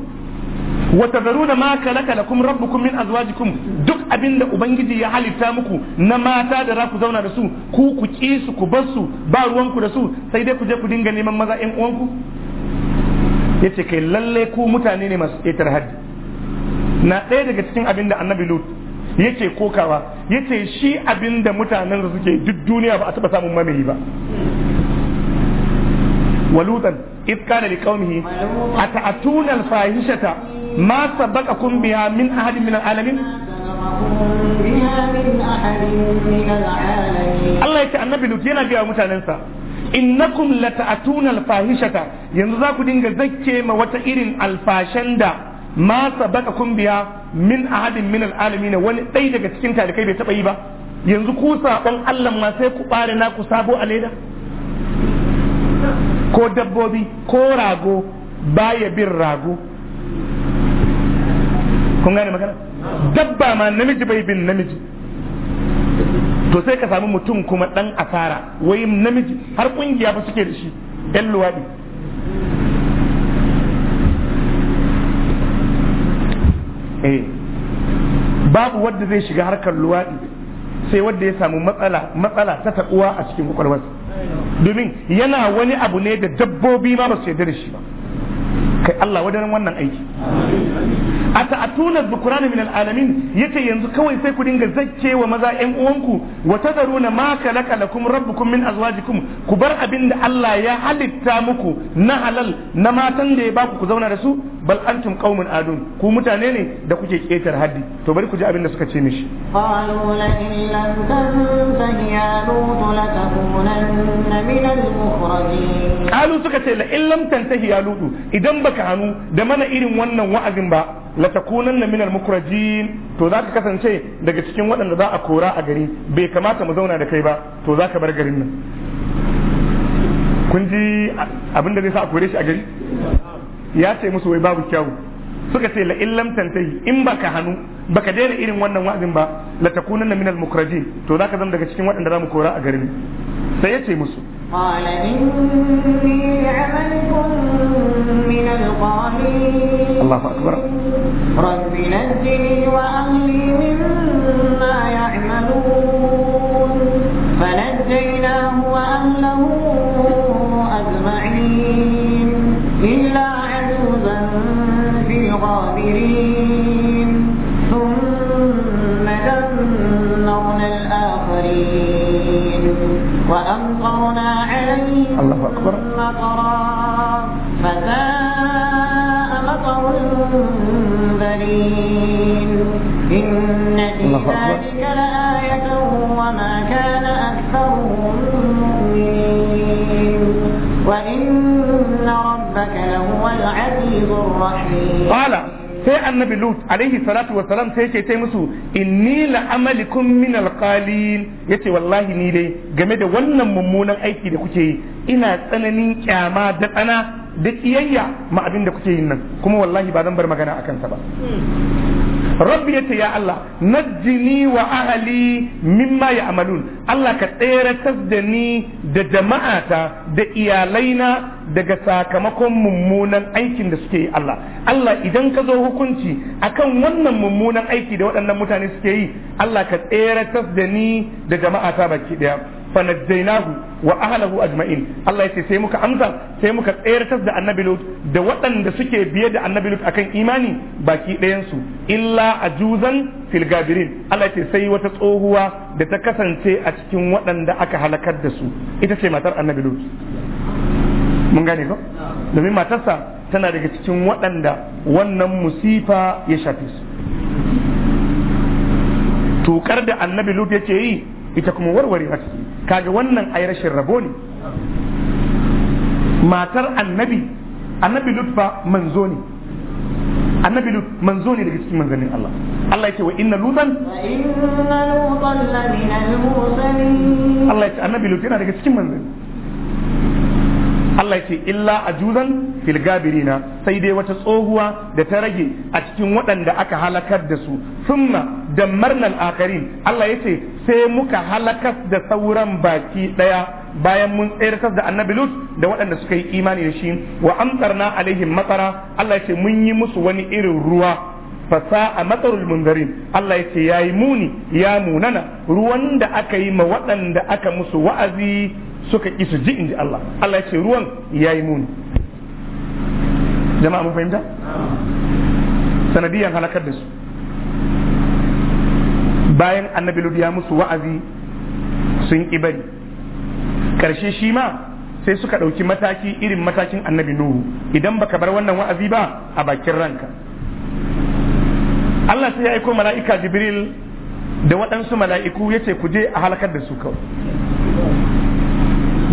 wa tazaruna ma kuma lakum rabbukum min azwajikum duk abinda ubangiji ya halitta muku na mata da za zauna da su ku ku ki su ku bar su ba ruwanku da su sai dai ku je ku dinga neman maza ƴan uwanku yace kai lalle ku mutane ne masu ƙetar haddi na ɗaya daga cikin abinda annabi lut yake kokawa yace shi abinda mutanen da suke duk duniya ba a taɓa samun mamayi ba ولوطا إذ a لقومه أتأتون الفاحشة ما سبقكم بها من أحد من العالمين Allah ya ce annabi Lut yana biya mutanensa innakum lata'atuna alfahishata yanzu za ku dinga zakke ma wata irin alfashan da ma sabaqakum biya min ahadin min alalamin wani dai daga cikin talikai bai taba yi ba yanzu ku saban Allah ma sai ku ɓare naku sabo aleda? ko dabbobi ko rago baya bin rago kun gane magana dabba ma namiji bai bin namiji to sai ka samu mutum kuma dan asara wai namiji har kungiya ba suke da shi yan luwaɗi eh babu wanda zai shiga harkar luwaɗi sai wanda ya samu matsala matsala ta taɓuwa a cikin kwakwalwarsa domin yana wani abu ne da dabbobi ma ba su yarda da shi ba kai Allah wajen wannan aiki a ta'atuna dhukrana min alalamin yace yanzu kawai sai ku dinga zakke wa maza ƴan uwanku wa tadaruna ma kalaka lakum rabbukum min azwajikum ku bar abin da Allah ya halitta muku na halal na matan da ya baku ku zauna da su bal antum qaumun adun ku mutane ne da kuke ketar haddi to bari ku ji abin da suka ce mishi qalu la in lam tantahi ya lut latakunanna min al mukhrajin qalu suka ce la in lam tantahi ya lut idan baka hanu da mana irin wannan wa'azin ba latakunanna min al mukhrajin to zaka kasance daga cikin waɗanda za a kora a gari bai kamata mu zauna da kai ba to zaka bar garin nan kun ji abin da zai sa a kore shi a gari ya ce musu wai babu kyawu suka ce la illam tantahi in baka hannu baka daina irin wannan wa'azin ba la takunanna minal mukrajin to zaka zama daga cikin waɗanda mu kora a garin sai ya ce musu قال إني لعملكم من القالين الله qala sai annabi lut alaihi salatu wa salam sai yake sai musu inni la amalikum min alqalil yace wallahi ni dai game da wannan mummunan aiki da kuke yi ina tsananin kyama da tsana da kiyayya ma abin da kuke yin nan kuma wallahi ba zan bar magana akan sa ba rabbi yace ya Allah najjini wa ahli mimma ya'malun Allah ka tsere da ni da jama'ata da iyalaina daga sakamakon mummunan aikin da suke yi Allah Allah idan ka zo hukunci akan wannan mummunan aiki da waɗannan mutane suke yi Allah ka tsere da ni da jama'ata baki daya fanajjainahu wa ahlahu ajma'in Allah ya ce sai muka amsa sai muka tsayartar da annabi lut da waɗanda suke biye da annabi lut akan imani baki ɗayan su illa ajuzan fil gabirin Allah ya ce sai wata tsohuwa da ta kasance a cikin waɗanda aka halakar da su ita ce matar annabi lut mun gane ko domin matarsa tana daga cikin waɗanda wannan musifa ya shafe su tukar da annabi lut yake yi ita kuma warware mata kaga wannan ai rashin rabo ne matar annabi annabi lutfa manzo ne annabi lut manzo ne daga cikin manzannin Allah Allah ya ce wa inna lutan Allah ya ce annabi lut yana daga cikin manzanni Allah ya ce illa ajuzan fil gabirina sai dai wata tsohuwa da ta rage a cikin waɗanda aka halakar da su thumma da marnan akarin Allah ya ce sai muka halakas da sauran baki daya bayan mun tsayar da annabi lut da waɗanda suka yi imani da shi wa amtarna alaihim matara Allah ya ce mun yi musu wani irin ruwa fasa a matsarul mungarin Allah ya ce ya yi muni ya munana ruwan da aka yi ma waɗanda aka musu wa'azi suka isu ji inji Allah Allah ya ce ruwan ya yi muni jama'a mun fahimta sanadiyan halakar da su bayan annabi ya musu wa'azi sun ki bari karshe shi ma sai suka ɗauki mataki irin matakin annabi nuhu idan baka bar wannan wa'azi ba a bakin ranka Allah sai ya aiko mala'ika jibril da waɗansu mala'iku ya ce ku je a halakar da su kawai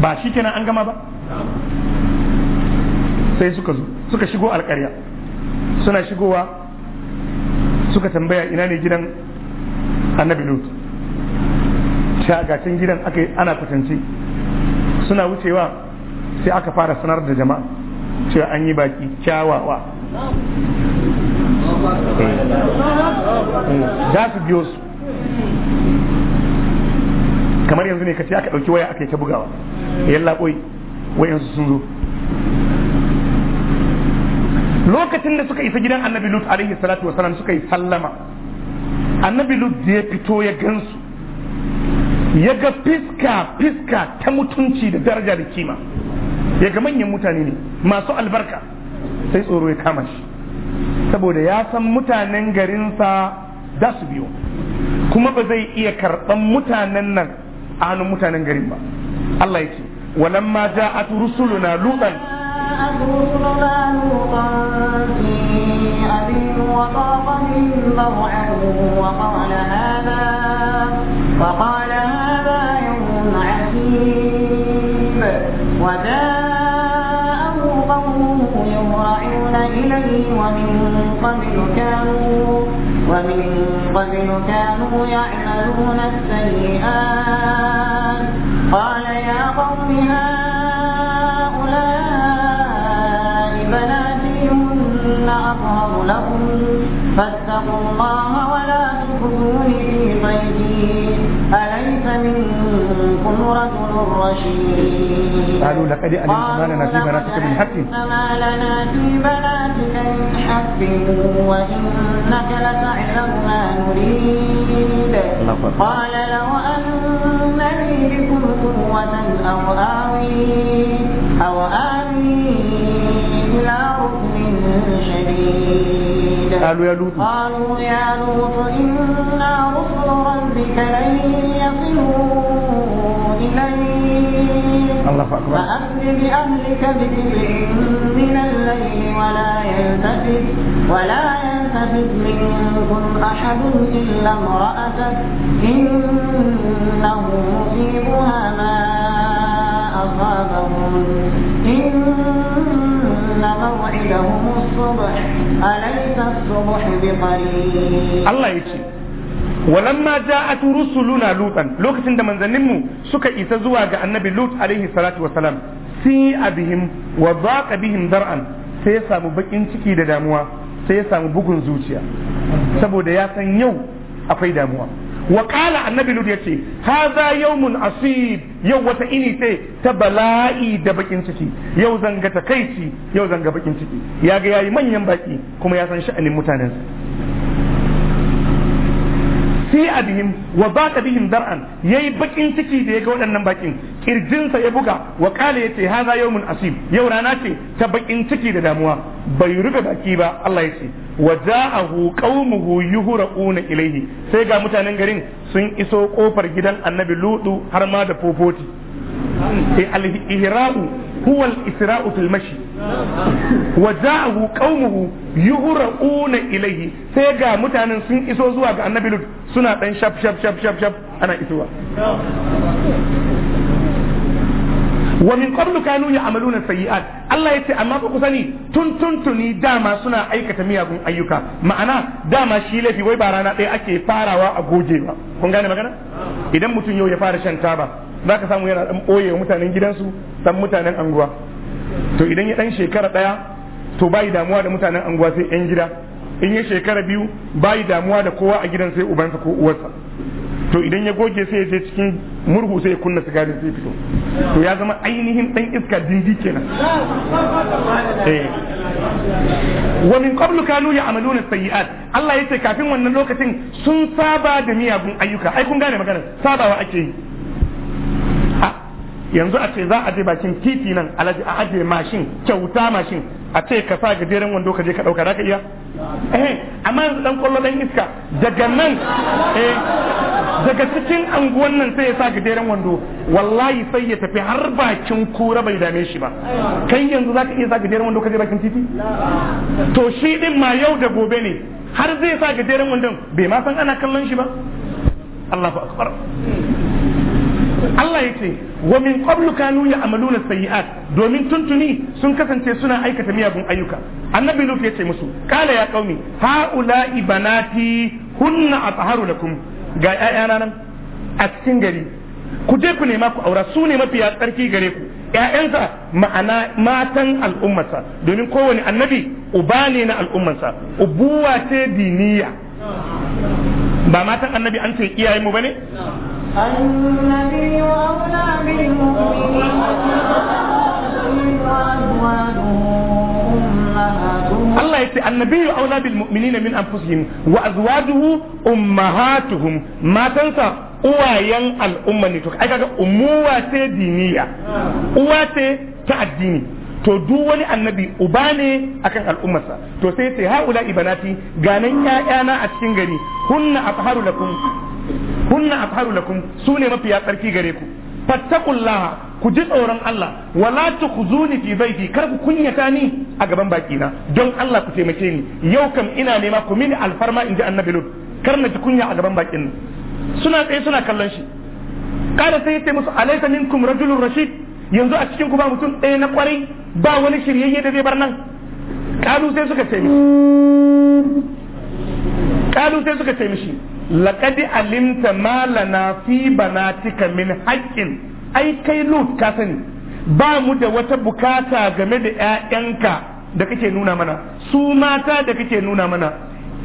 ba shi kenan an gama ba sai suka zo suka shigo alƙarya suna shigowa suka tambaya ina ne gidan annabi lut gashin gidan aka ana kwatance suna wucewa sai aka fara sanar da jama'a cewa an yi baki kyawawa eh. za su biyo su kamar yanzu ne ka ce aka ɗauki waya aka yi ta bugawa yalla wayan su sun zo lokacin da suka isa gidan annabi lut alaihi salatu wasalam suka yi sallama annabi lut da ya fito ya gansu ya ga fiska fiska ta mutunci da daraja da kima ya ga manyan mutane ne masu albarka sai tsoro ya kama shi saboda ya san mutanen garinsa za su biyo kuma ba zai iya karɓan mutanen nan a hannun mutanen garin ba Allah ya ce walamma ja'at rusuluna lutan أبيه وطاق من مرعا وقال هذا وقال هذا يوم عجيب وجاءه قومه يهرعون إليه ومن قبل كانوا ومن قبل كانوا يعملون السيئات قال يا قوم هذا فاتقوا الله ولا تخزون في ضيفي أليس منكم رجل رشيد قالوا لقد علمت ما لنا في بناتك من حق ما لنا في بناتك من حق وإنك لتعلم ما نريد قال لو أن لي بكم قوة أو آوي قالوا يا لوط قالوا يا لوط إنا رسل ربك لن يصلوا إليك الله أكبر فأسر بأهلك بجزء من الليل ولا يلتفت ولا يلتفت منكم أحد إلا امرأتك إنه مصيبها ما أصابهم إن موعدهم الصبح ألا Allah ya ce, walamma ja a turu su luna lutan lokacin da manzanninmu suka isa zuwa ga annabi lut alaihi salatu wa salam sun yi abihim wa zaƙa bihim dar'an sai ya samu bakin ciki da damuwa sai ya samu bugun zuciya saboda ya san yau akwai damuwa wa annabi lut ya ce haza yau mun asib yau wata ini ce ta bala'i da bakin ciki yau zanga takaici yau zanga bakin ciki ya ga yayi manyan baki kuma ya san sha'anin mutanen fi abihim wa baqa bihim dar'an yayi bakin ciki da ya ga waɗannan bakin kirjinsa ya buga wa kale yace haza yawmun asib yau rana ce ta bakin ciki da damuwa bai rufe baki ba Allah ya ce wa ja'ahu qaumuhu yuhra'una ilayhi sai ga mutanen garin sun iso kofar gidan Annabi Lutu har ma da fofoti eh, al-ihra'u huwa al-isra'u fil mashi wa ja'ahu qaumuhu yuhra'una ilayhi sai ga mutanen sun iso zuwa ga Annabi Lutu suna dan shaf shaf shaf shaf ana isowa wa min qablu kanu ya'maluna sayyi'at Allah yace amma ba ku sani tun tuntuni dama suna aikata miyagun ayyuka ma'ana dama shi lafi wai ba rana ɗaya ake farawa a ba kun gane magana idan mutum yau ya fara shan taba zaka samu yana dan boye mutanen gidansu san mutanen anguwa to idan ya dan shekara ɗaya to bai damuwa da mutanen anguwa sai yan gida in ya shekara biyu bai damuwa da kowa a gidan sai ubansa ko uwarsa to idan ya goge sai ya je cikin murhu sai kunna sigari sai fito to ya zama ainihin dan iska dindi kenan eh. wa min qablu kanu ya'maluna sayyi'at Allah yace kafin wannan lokacin sun saba da miyagun ayyuka ai kun gane magana sabawa ake yi yanzu a ce za a je bakin titi nan alaji a ajiye mashin kyauta mashin a ce ka sa gajeren wando ka je ka dauka da ka iya Eh, amma yanzu dan kwallo dan iska daga nan eh daga cikin anguwan nan sai ya sa gajeren wando wallahi sai ya tafi har bakin kura bai dame shi ba kai yanzu zaka iya sa gajeren wando kaje bakin titi to shi din ma yau da gobe ne har zai sa gajeren wandon bai ma san ana kallon shi ba Allahu akbar Allah ya ce wa min qablu kanu ya'maluna sayyi'at domin tuntuni sun kasance suna aikata miyagun ayyuka annabi lut ya ce musu kala ya qaumi haula ibanati hunna atharu lakum ga ƴaƴana nan a cikin gari ku je ku nema ku aura su ne mafiya tsarki gare ku ‘ya'yansa ma'ana matan al'ummarsa domin kowane annabi uba ne na al'ummarsa ubuwa ce diniya ba matan annabi an ce mu bane annabi Allah ya ce annabi ya aula bil mu'minina min anfusihim wa azwajuhu ummahatuhum matansa uwayen al'umma ne to ai kaga umuwa ce diniya ah. uwa ce ta addini to duk wani annabi uba ne akan al'ummarsa to sai sai haula ibanati ganan ƴaƴana a cikin gari hunna afharu lakum hunna afharu lakum sune mafiya tsarki gare ku fattakullah ku ji tsoron Allah wala tukhzuni fi baiti kar ku kunyata ni a gaban baki na don Allah ku taimake ni yau kam ina nema ku mini alfarma inji annabi lut kar na ji kunya a gaban bakin suna tsaye suna kallon shi kada sai ya musu alaysa minkum rajulun rashid yanzu a cikin ku ba mutum ɗaya na kwarai ba wani shiryayye da zai bar nan kalu sai suka ce mishi kalu sai suka ce mishi laqad alimta ma lana fi banatika min haqqin ai kai lut ka sani ba mu da wata bukata game da ƴaƴanka da kake nuna mana su mata da kake nuna mana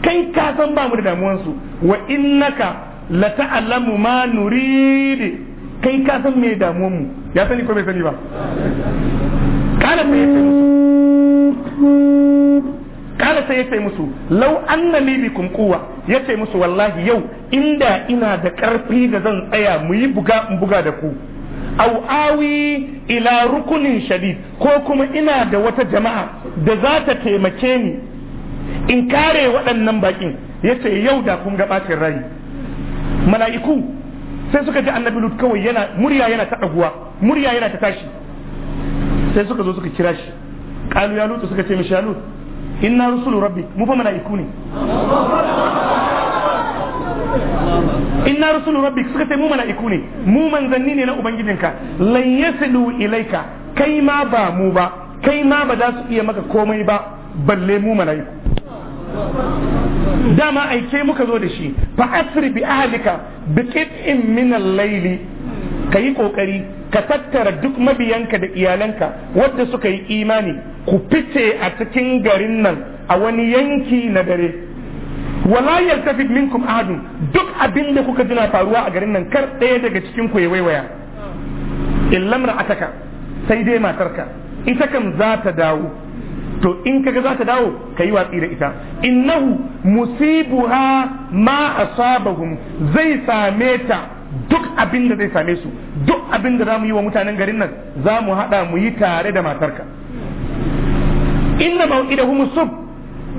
kai ka san ba mu da damuwansu wa innaka la ma nuridi kai ka san me damuwar mu ya sani ko bai sani ba kala sai yace musu kala sai ce musu law anna li bikum quwwa yace musu wallahi yau inda ina da karfi da zan tsaya mu yi buga in buga da ku au awi ila rukunin shadid ko kuma ina da wata jama'a da za ta taimake ni in kare waɗannan bakin yace yau da kun ga bacin rai mala'iku sai suka ji annabi lut kawai yana murya yana ta ɗaguwa murya yana ta tashi sai suka zo suka kira shi kalu ya lutu suka ce mishi ya lut inna rusulu rabbi mu fa mala'iku ne inna rusulu rabbik suka ce mu mala'iku ne mu manzanni ne na ubangijinka lan yasilu ilaika kai ma ba mu ba kai ma ba za su iya maka komai ba balle mu mala'iku dama aike muka zo da shi fa asri bi ahlika biqit'in min laili ka yi ƙoƙari, ka tattara duk mabiyanka da iyalanka wadda suka yi imani ku fice a cikin garin nan a wani yanki na dare wala yaltafit minkum ahadun duk abin da kuka jina faruwa a garin nan kar ɗaya daga cikin ku ya waiwaya illamra ataka sai dai matarka ita kam za ta dawo to in kaga za ta dawo ka yi watsi da ita innahu musibuha ma asabahum zai same ta duk abin da zai same su duk abin da za mu yi wa mutanen garin nan za mu haɗa mu yi tare da matarka inna mawqidahum sub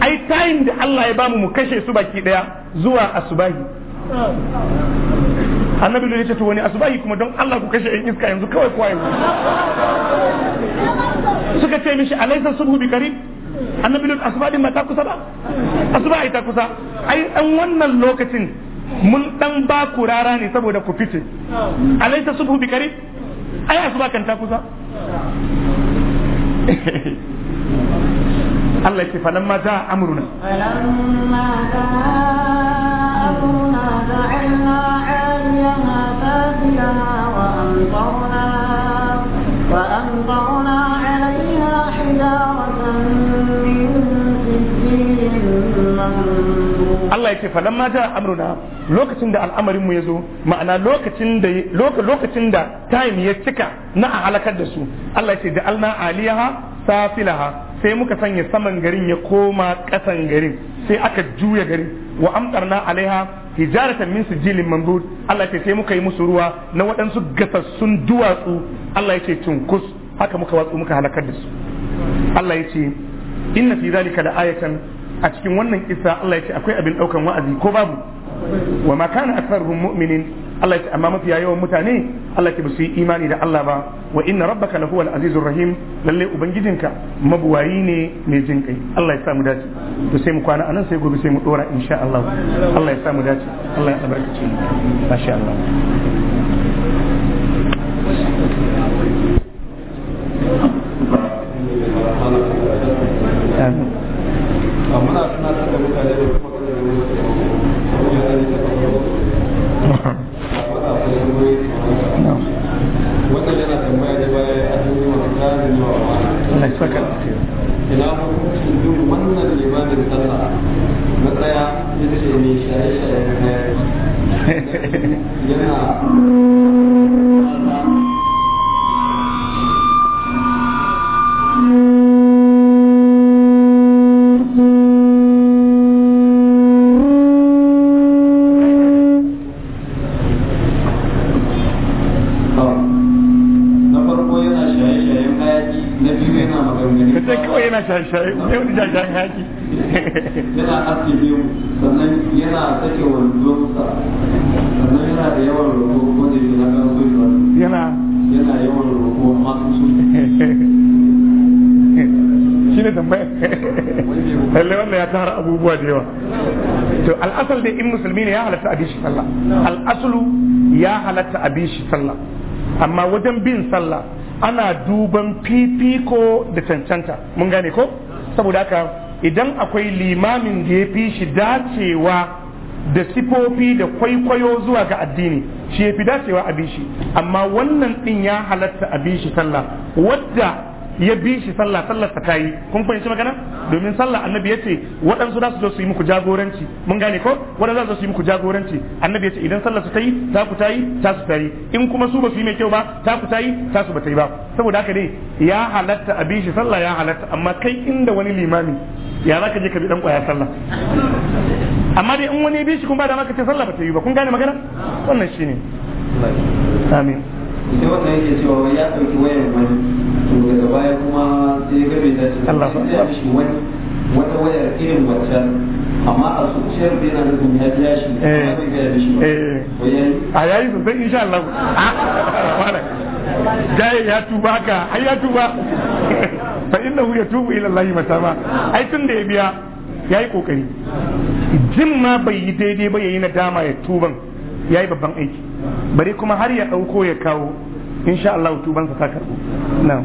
ai time da Allah ya bamu mu kashe su baki daya zuwa asubahi annabi ne ya ce wani asubahi kuma don Allah ku kashe yan iska yanzu kawai kuwa kwaye suka ce mishi alaisa subhu bi qarib annabi ne asuba din ba ta kusa ba asuba ai ta kusa ai dan wannan lokacin mun dan ba ku rara ne saboda ku fice alaisa subhu bi qarib ai asuba kan ta kusa Allah ce falamma ta amruna falamma ta amruna ja'alna لها سافلها وأمطرنا وأمطرنا عليها حجارة من سجيل Allah ya ce falan ma ja amruna lokacin da al'amarin mu ya zo ma'ana lokacin da lokacin da time ya cika na a halakar da su Allah ya ce da alna aliyaha safilaha sai muka sanya saman garin ya koma kasan garin sai aka juya garin wa amtarna alaiha hijaratan min sujilin mandud Allah ce sai muka yi musu ruwa na waɗansu gasassun duwatsu Allah ya ce tunkus haka muka watsu muka halakar da su Allah ya ce inna fi zalika la ayatan a cikin wannan kisa Allah ya ce akwai abin daukan wa'azi ko babu wa ma kana aktharuhum mu'minin Allah ya ce amma mafiya yawan mutane Allah ya ba su yi imani da Allah ba wa inna rabbaka lahuwal azizur rahim lalle ubangijinka mabuwayi ne mai jin kai Allah ya sa mu dace to sai mu kwana anan sai gobe sai mu dora insha Allah Allah ya sa mu dace Allah ya albarkace mu masha Allah Amma na tunatar da mutane da sai wani jajayen yaki yana aski biyu sannan yana sake wandonsa sannan yana da yawan roƙo wanda yake na kan soyi yana yana yawan roƙo amma su shi ne tambaya lallai wannan ya tara abubuwa da yawa to al'asal dai in musulmi ne ya halatta a bishi sallah al'asulu ya halatta a bishi sallah amma wajen bin sallah ana duban fifiko da cancanta mun gane ko saboda haka idan akwai limamin da ya fi shi dacewa da sifofi da kwaikwayo zuwa ga addini shi ya fi dacewa a bishi amma wannan din ya halatta a bishi sallah wadda ya bi shi sallah sallar ta tayi kun fahimci magana domin sallah annabi yace waɗansu za su zo su yi muku jagoranci mun gane ko waɗansu za su yi muku jagoranci annabi yace idan sallar ta tayi ta ku tayi ta su tayi in kuma su ba su yi mai kyau ba ta ku tayi ta su ba tayi ba saboda haka ne ya halatta a bi shi sallah ya halatta amma kai inda wani limami ya zaka je ka bi dan kwaya sallah amma dai in wani bi shi kun ba da maka ce sallah ba ta yi ba kun gane magana wannan shine amin sai wannan yake cewa ya wayar wani to daga baya kuma ya ba ya tuba ka ai ya tuba fa innahu yatubu ila Allah ai tun da ya biya yayi kokari jin ma bai yi daidai ba yayi na dama ya tuban yayi babban aiki bare kuma har ya dauko ya kawo insha Allah tuban sa ta karbo na'am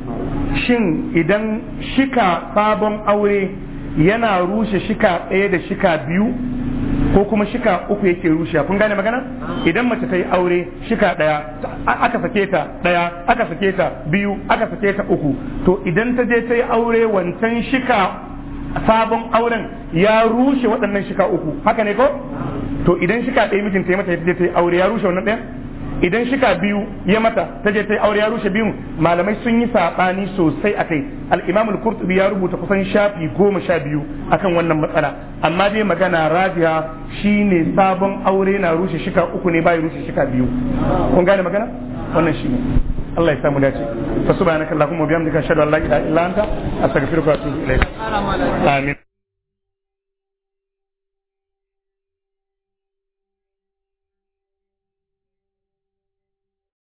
shin idan shika sabon aure yana rushe shika ɗaya da shika biyu ko kuma shika uku yake rushe kun gane magana idan mace ta yi aure shika ɗaya aka sake ta ɗaya aka sake ta biyu aka sake ta uku to idan ta je ta yi aure wancan shika sabon auren ya rushe waɗannan shika uku haka ne ko to idan shika ɗaya mijinta ya mata ya je ta yi aure ya rushe wannan ɗaya idan shika biyu ya mata ta je ta yi aure ya rushe biyu malamai sun yi saɓani sosai a kai al'imamul kurtubi ya rubuta kusan shafi goma sha biyu akan wannan matsala amma dai magana rajiya shine sabon aure na rushe shika uku ne bai rushe shika biyu kun gane magana wannan shine Allah ya samu dace fa subhanakallahumma wa bihamdika ashhadu an la ilaha illa anta astaghfiruka wa atubu ilaik amin